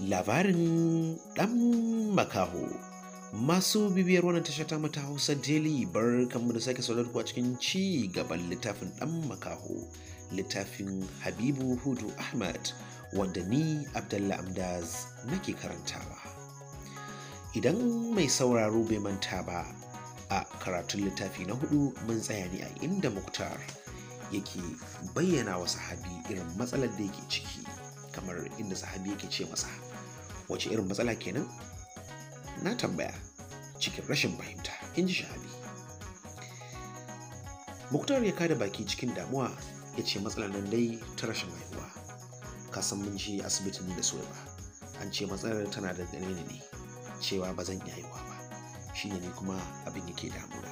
labarin ɗan makaho masu bibiyar wannan tasha ta mata hausa daily bar kanmu da sake saurar a cikin ci gaban littafin ɗan makaho littafin habibu hudu ahmad wanda ni abdallah amdaz nake karantawa idan mai sauraro bai manta ba a karatun littafi na hudu mun tsaya ne a inda muktar yake bayyana wa sahabi irin matsalar da yake ciki kamar inda sahabi yake ce masa wace irin matsala kenan na tambaya cikin rashin fahimta in ji shahabi muktar ya kada baki cikin damuwa ya ce matsala nan dai ta rashin haihuwa ka san mun ji asibiti ne da ba. an ce matsalar tana da gare ne cewa ba zan iya haihuwa ba shine ne kuma abin yake damuna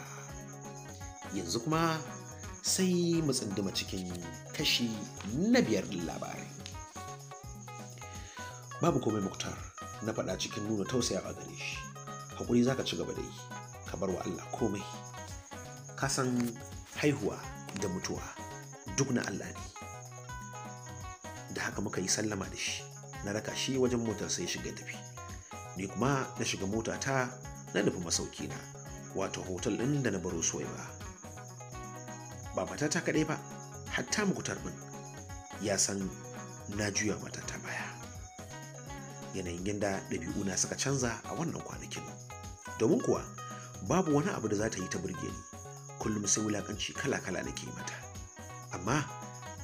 yanzu kuma sai mu tsinduma cikin kashi na biyar labarai babu komai muktar na faɗa cikin nuna tausayawa gare shi hakuri za ka ci gaba da yi ka bar wa Allah komai ka san haihuwa da mutuwa duk na Allah ne da haka muka yi sallama da shi na raka shi wajen motar sai shiga tafi ni kuma na shiga mota ta na nufi masauki na wato hotel ɗin da na baro soyi ba ba matata kaɗai ba hatta mukutar ɗin ya san na juya matata baya yanayin yadda ɗabi'u na suka canza a wannan kwanakin domin kuwa babu wani abu da za ta yi ta burge ni kullum sai wulaƙanci kala-kala ke mata amma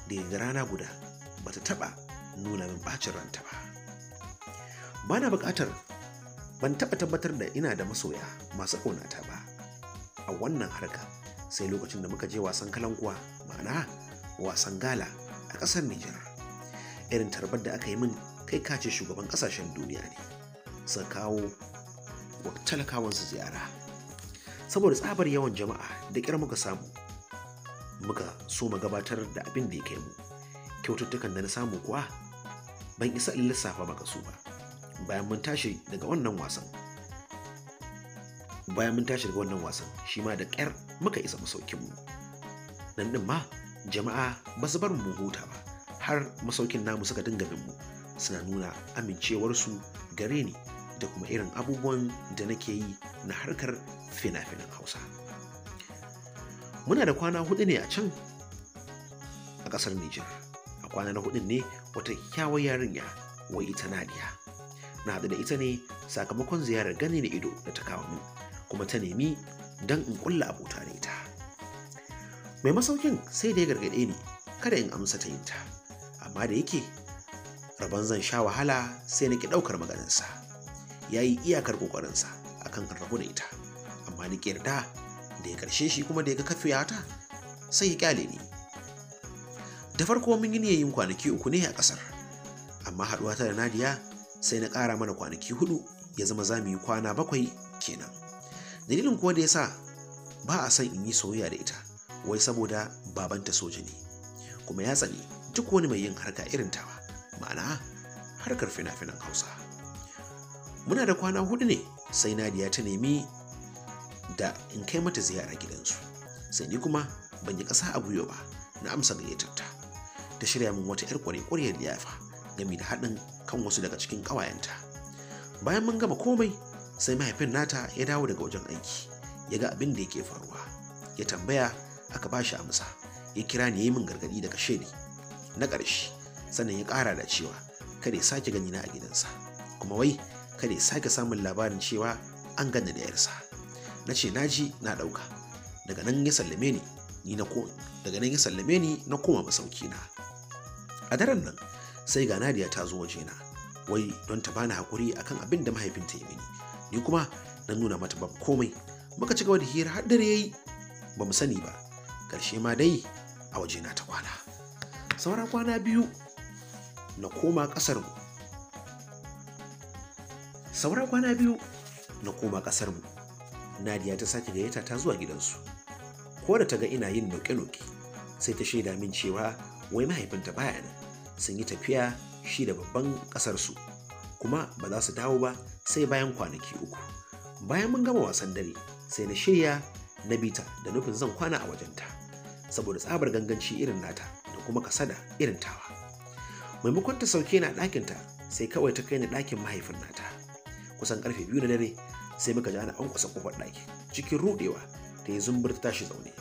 da yanzu rana guda bata taɓa nuna min ɓacin ranta ba ba na buƙatar ban taɓa tabbatar da ina da masoya masu ƙaunata ba a wannan harka sai lokacin da muka je wasan kalankuwa ma'ana wasan gala a ƙasar Nijar. irin tarbar da aka yi min kai ka ce shugaban kasashen duniya ne su kawo wa su ziyara saboda tsabar yawan jama'a da ƙyar muka samu muka so mu gabatar da abin da ya kai mu kyaututtukan da na samu kuwa ban isa in lissafa maka su ba bayan mun tashi daga wannan wasan bayan mun tashi daga wannan wasan shi ma da ƙyar muka isa mu nan din ma jama'a ba su bar mu huta ba har masaukin namu suka dinga bin mu suna nuna amincewarsu gare ni da kuma irin abubuwan da nake yi na harkar fina-finan hausa muna da kwana hudu ne a can a ƙasar nijar a kwana na hudun ne wata kyakkyawar yarinya wai ita nadiya na hadu da ita ne sakamakon ziyarar gani na ido da ta kawo min kuma ta nemi don in kulla abota da ita mai masaukin sai da ya gargaɗe ni kada in amsa ta yinta amma da yake rabon zan sha wahala sai na ki ɗaukar maganinsa ya yi iyakar ƙoƙarinsa akan in rabu da ita amma ni yarda da ya ƙarshe shi kuma da ya ga kafiyata sai ya ƙyale ni da farko mun yi yin kwanaki uku ne a ƙasar amma haɗuwa ta da nadiya sai na ƙara mana kwanaki huɗu ya zama za mu yi kwana bakwai kenan dalilin kuwa da ya sa ba a son in yi soyayya da ita wai saboda babanta soja ne kuma ya tsani duk wani mai yin harka irin tawa ma'ana harkar fina-finan hausa muna da kwana hudu ne sai nadiya ta nemi da in kai mata ziyara gidansu sai ni kuma ban yi ƙasa a gwiwa ba na amsa gayyatarta ta shirya min wata 'yar kwarekwariyar liyafa gami da haɗin kan wasu daga cikin ƙawayenta bayan mun gama komai sai mahaifin nata ya dawo daga wajen aiki ya ga abin da yake faruwa ya tambaya aka ba shi amsa ya kira ni yi min gargaɗi daga shedi na ƙarshe sannan ya kara da cewa kada sake gani na a gidansa kuma wai kada sake samun labarin cewa an gani da yarsa na ce naji na ɗauka daga nan ya na ko daga nan ya sallame ni na koma masauki na a daren nan sai ga Nadiya ta zo waje na wai don ta bani hakuri akan abin da mahaifinta ya mini ni kuma na nuna mata ba komai muka ci gaba da hira har dare yayi ba mu sani ba karshe ma dai a wajena ta kwana sauran kwana biyu na koma ƙasarmu Saura kwana biyu na koma ƙasarmu nadiya ta sake gayyata ta zuwa gidansu ko da ta ga ina yin noke-noke sai ta shaida min cewa wai mahaifinta baya nan sun yi tafiya shi da babban ƙasarsu kuma ba za su dawo ba sai bayan kwanaki uku bayan mun gama wasan dare sai na shirya na bita da nufin zan kwana a wajenta saboda tsabar ganganci irin nata da kuma kasada irin tawa maimakon ta sauke na a ɗakinta sai kawai ta kai ni ɗakin mahaifin nata kusan karfe biyu na dare sai muka ji ana an kusa kofar ɗaki cikin ruɗewa ta yi zumbur ta tashi zaune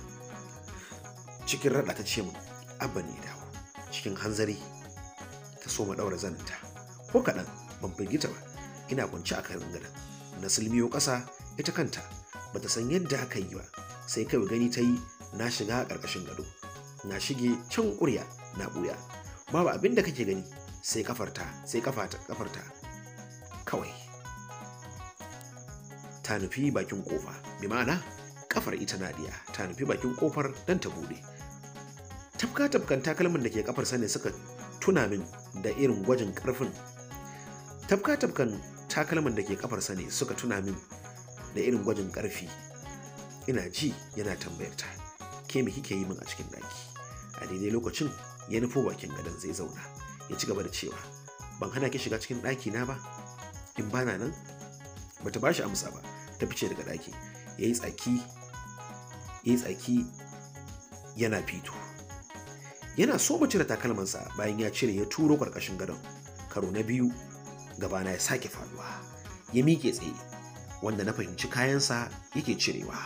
cikin raɗa ta ce min abba ne dawo cikin hanzari ta so ma ɗaura zaninta ko kaɗan ban firgita ba ina kwance a kan gadan na silmiyo ƙasa ita kanta bata san yadda aka yi ba sai kawai gani ta yi na shiga a ƙarƙashin gado na shige can ƙurya na ɓuya babu abin da kake gani sai kafarta sai kafarta kawai ta nufi bakin kofa bi ma'ana kafar ita nadiya ta nufi bakin kofar don ta bude tafka tafkan takalmin da ke kafar sani suka tuna min da irin gwajin karfin tafka tafkan takalmin da ke kafar sani suka tuna min da irin gwajin karfi ina ji yana tambayar ta ke me kike yi min a cikin daki a daidai lokacin ya nufo bakin gadon zai zauna ya ci gaba da cewa ban hana ki shiga cikin ɗaki na ba in bana nan bata bashi amsa ba ta fice daga ɗaki ya yi tsaki ya yi tsaki yana fito yana so mu cire takalmansa bayan ya cire ya turo karkashin gadon karo na biyu gabana ya sake faduwa ya miƙe tsaye wanda na fahimci kayansa yake cirewa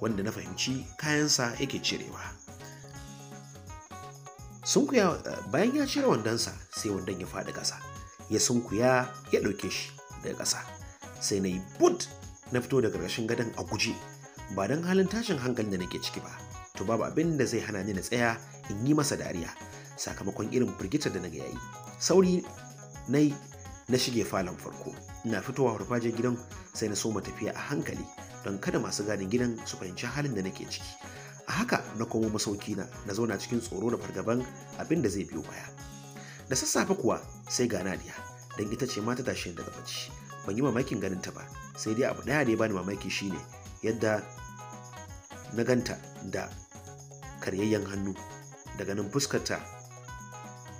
wanda na fahimci kayansa yake cirewa sunkuya eh, bayan ya cire wandonsa sai wandon ya faɗi ƙasa ya sunkuya ya ɗauke shi daga ƙasa sai na yi but na fito daga ƙarshen gadon a guje ba don halin tashin hankalin da nake ciki ba to babu abin da zai hana ni na tsaya in yi masa dariya sakamakon irin firgitar da na ga yi, sauri na yi na shige falon farko ina fitowa farfajiyar gidan sai na soma tafiya a hankali don kada masu gadin gidan su fahimci halin da nake ciki a haka na komo masauki na na zauna cikin tsoro da fargaban abin da zai biyo baya da sassafe kuwa sai ga nadiya don ita ce mata ta tashi daga bacci ban yi mamakin ganin ta ba sai dai abu daya da ya bani mamaki shine yadda na ganta da karyayyen hannu daga nan fuskarta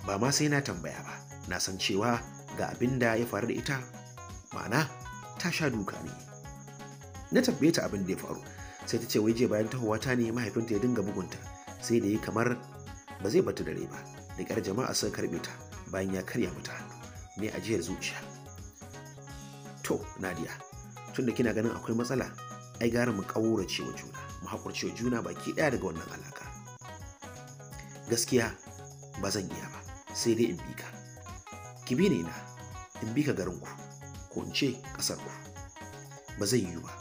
ba ma sai na tambaya ba na san cewa ga abin da ya faru da ita ma'ana ta sha duka ne na tabbata abin da ya faru sai ta ce wai je bayan tahowa ta ne mahaifinta ya dinga bugunta sai da yi kamar ba zai bata dare ba da kyar jama'a sun karɓe ta bayan ya karya mata hannu ne ajiyar zuciya to nadia tun da kina ganin akwai matsala ai gara mu ƙaurace wa juna mu haƙurce wa juna baki ɗaya daga wannan alaƙa gaskiya ba zan iya ba sai dai in bi ka ki bi ne na in bi ka garinku ko in ce ƙasarku ba zai yiwu ba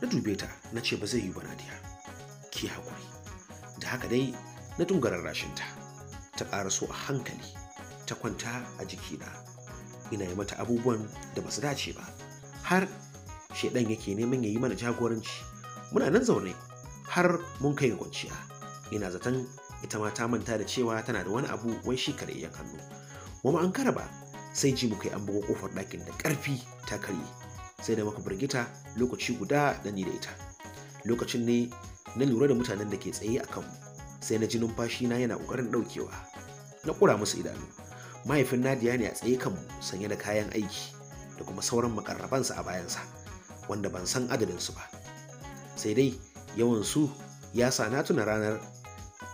na dube ta na ce ba zai yi ba nadiya ki haƙuri da haka dai na tungarar rashinta ta ƙara so a hankali ta kwanta a jikina ina yi mata abubuwan da ba su dace ba har shaidan yake neman ya yi mana jagoranci muna nan zaune har mun kai kwanciya ina zaton ita ma ta manta da cewa tana da wani abu wai shi kare hannu mu an ba sai ji mu kai an buga kofar ɗakin da ƙarfi ta karye sai da maka birgita lokaci guda da ni da ita lokacin ne na lura da mutanen da ke tsaye a kanmu sai na ji numfashi na yana ƙoƙarin ɗaukewa na ƙura musu idanu mahaifin nadiya ne a tsaye kanmu sanye da kayan aiki da kuma sauran makarrabansa a bayansa wanda ban san adadinsu ba sai dai yawansu ya sa na tuna ranar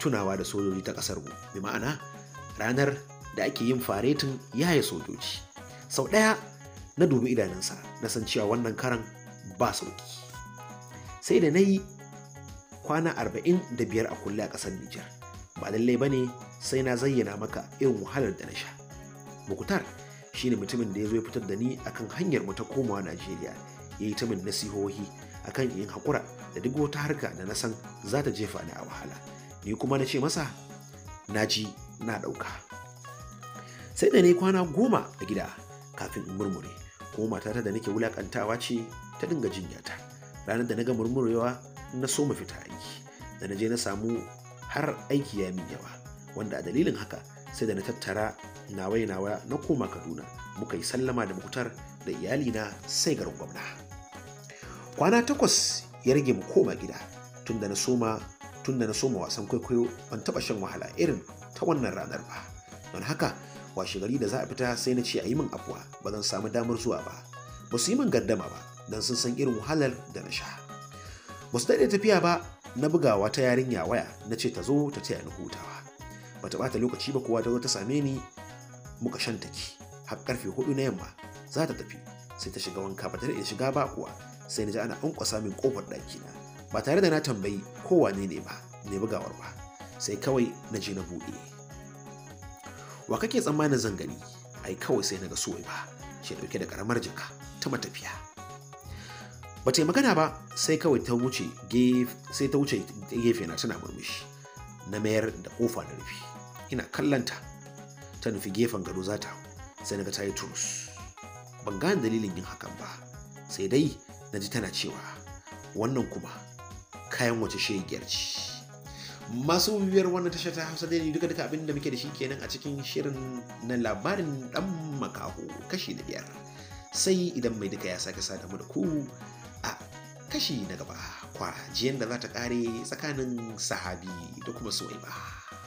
tunawa da sojoji ta ƙasar mu bi ma'ana ranar da ake yin faretin yaya sojoji sau ɗaya na dubi idanunsa na san cewa wannan karan ba sauki sai da na yi kwana arba'in da biyar a kulle a ƙasar Nijar ba lallai ba ne sai na zayyana maka irin wahalar da na sha Mukutar ne mutumin da ya zo ya fitar da ni akan hanyar mu ta komawa Najeriya ya yi ta min nasihohi akan yin hakura da duk wata harka da na san za ta jefa ni a wahala ni kuma na ce masa na ji na ɗauka sai da yi kwana goma a gida kafin in murmure ko matata da nake wulakantawa ce ta dinga jinyata ranar da na ga murmurewa na so mu fita aiki da na je na samu har aiki ya min yawa wanda a dalilin haka sai da na tattara nawai nawa na koma kaduna muka yi sallama da mukutar da iyalina sai garin gwamna kwana takwas ya rage mu koma gida tun da na soma tun da na soma wasan kwaikwayo ban taba shan wahala irin ta wannan ranar ba don haka washe gari da za a fita sai na ce a yi min afuwa ba zan samu damar zuwa ba ba su yi min gardama ba don sun san irin wahalar da na sha ba su daɗe tafiya ba na bugawa ta yarinya waya na ce ta zo ta taya ni hutawa ba ta ɓata lokaci ba kowa ta zo ta same ni muka shantaki har karfe hudu na yamma za ta tafi sai ta shiga wanka ba ta daɗe shiga ba kuwa sai na ji ana ƙwanƙwasa min ƙofar ɗakina ba tare da na tambayi ko wane ne ba ne bugawar ba sai kawai na je na buɗe wa kake tsammanin zan gani ai kawai sai naga suwai ba ke dauke da karamar jaka ta matafiya ba ta yi magana ba sai kawai ta wuce sai ta wuce gefe na tana murmushi na mayar da kofa da rufi ina kallanta ta nufi gefen gado zata sai naga ta yi turus ban gane dalilin yin hakan ba sai dai na ji tana cewa wannan kuma kayan wace shegiyar ce masu wuyar wannan tasha ta hausa daily duka duka abin da muke da shi kenan a cikin shirin na labarin dan makaho kashi na biyar sai idan mai duka ya sake sada mu da ku a kashi na gaba kwa jiyan da za ta kare tsakanin sahabi da kuma soyayya